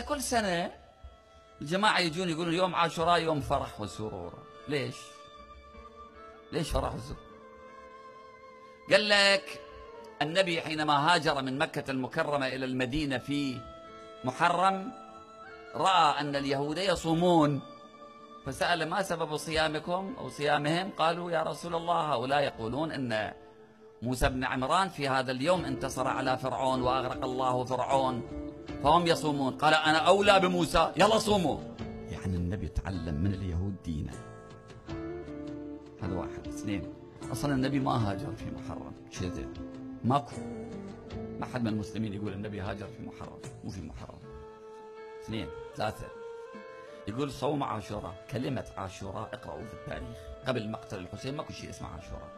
كل سنة الجماعة يجون يقولون يوم عاشوراء يوم فرح وسرور ليش؟ ليش فرح وسرور؟ قال لك النبي حينما هاجر من مكة المكرمة إلى المدينة في محرم رأى أن اليهود يصومون فسأل ما سبب صيامكم أو صيامهم قالوا يا رسول الله هؤلاء يقولون أن موسى بن عمران في هذا اليوم انتصر على فرعون وأغرق الله فرعون فهم يصومون قال أنا أولى بموسى يلا صوموا يعني النبي تعلم من اليهود دينه هذا واحد اثنين أصلا النبي ما هاجر في محرم كذب ماكو ما حد من المسلمين يقول النبي هاجر في محرم مو في محرم اثنين ثلاثة يقول صوم عاشوراء كلمة عاشوراء اقرأوا في التاريخ قبل مقتل الحسين ماكو شيء اسمه عاشوراء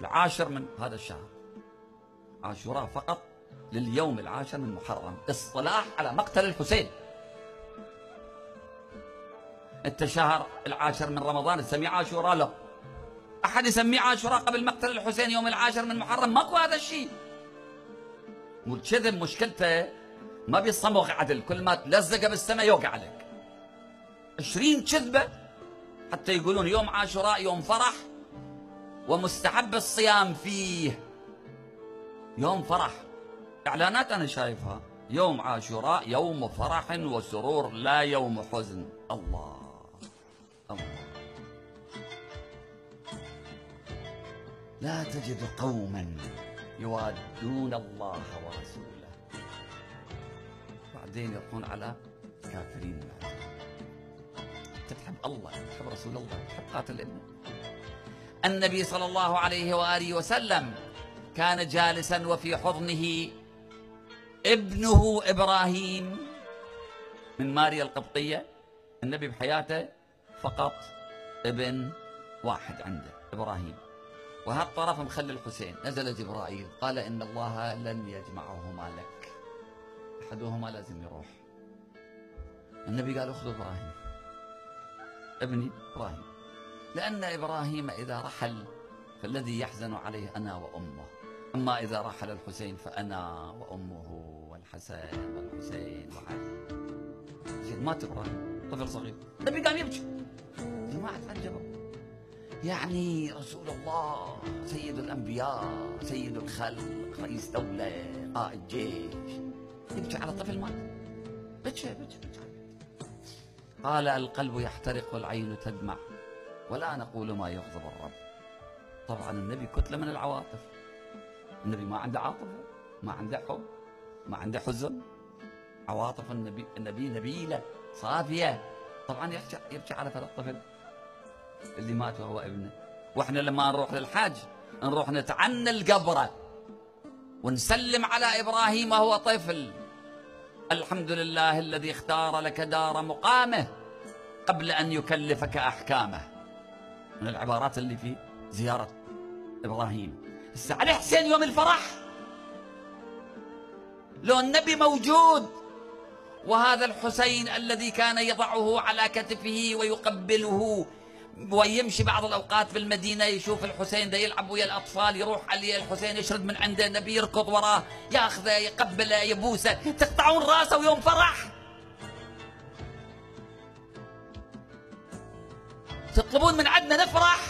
العاشر من هذا الشهر عاشوراء فقط لليوم العاشر من محرم الصلاح على مقتل الحسين انت شهر العاشر من رمضان تسميه عاشوراء لا احد يسميه عاشوراء قبل مقتل الحسين يوم العاشر من محرم ماكو هذا الشيء والكذب مشكلته ما بيصمغ عدل كل ما تلزق بالسماء يوقع عليك 20 كذبه حتى يقولون يوم عاشوراء يوم فرح ومستحب الصيام فيه يوم فرح إعلانات أنا شايفها يوم عاشوراء يوم فرح وسرور لا يوم حزن الله الله لا تجد قوما يوادون الله ورسوله بعدين يكون على كافرين انت تحب الله تحب رسول الله تحب قاتل إبنه. النبي صلى الله عليه واله وسلم كان جالسا وفي حضنه ابنه إبراهيم من ماريا القبطية النبي بحياته فقط ابن واحد عنده إبراهيم وهالطرف مخلي الحسين نزل جبرائيل قال إن الله لن يجمعهما لك أحدهما لازم يروح النبي قال أخذ إبراهيم ابني إبراهيم لأن إبراهيم إذا رحل فالذي يحزن عليه أنا وأمه أما إذا رحل الحسين فأنا وأمه الحسن والحسين وعلي زين مات ابراهيم طفل صغير النبي قام يبكي جماعه تعجبوا يعني رسول الله سيد الانبياء سيد الخلق رئيس دوله قائد جيش يبكي على طفل مات بكى بكى قال القلب يحترق والعين تدمع ولا نقول ما يغضب الرب طبعا النبي كتله من العواطف النبي ما عنده عاطفه ما عنده حب ما عنده حزن عواطف النبي النبي نبيله صافيه طبعا يرجع يرجع على هذا الطفل اللي مات وهو ابنه واحنا لما نروح للحاج نروح نتعنى القبره ونسلم على ابراهيم وهو طفل الحمد لله الذي اختار لك دار مقامه قبل ان يكلفك احكامه من العبارات اللي في زياره ابراهيم علي حسين يوم الفرح لو النبي موجود وهذا الحسين الذي كان يضعه على كتفه ويقبله ويمشي بعض الاوقات في المدينه يشوف الحسين ده يلعب ويا الاطفال يروح عليه الحسين يشرد من عنده النبي يركض وراه ياخذه يقبله يبوسه تقطعون راسه ويوم فرح تطلبون من عندنا نفرح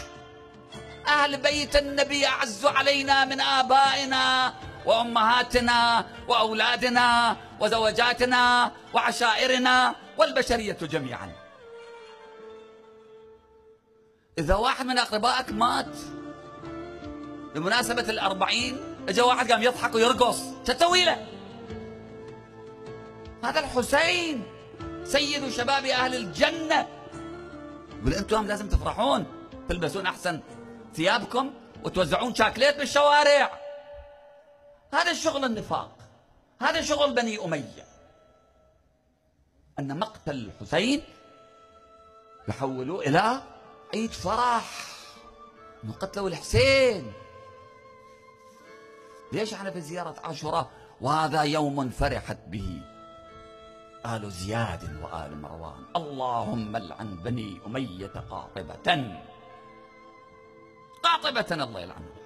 أهل بيت النبي أعز علينا من آبائنا وأمهاتنا وأولادنا وزوجاتنا وعشائرنا والبشرية جميعا إذا واحد من أقربائك مات بمناسبة الأربعين اجى واحد قام يضحك ويرقص تسوي له هذا الحسين سيد شباب أهل الجنة يقول أنتم لازم تفرحون تلبسون أحسن ثيابكم وتوزعون شاكليت بالشوارع هذا شغل النفاق هذا شغل بني أمية أن مقتل الحسين يحولوه إلى عيد فرح انه قتلوا الحسين ليش احنا في زيارة عاشوراء وهذا يوم فرحت به آل زياد وآل مروان اللهم لعن بني أمية قاطبة قاطبة الله يلعنهم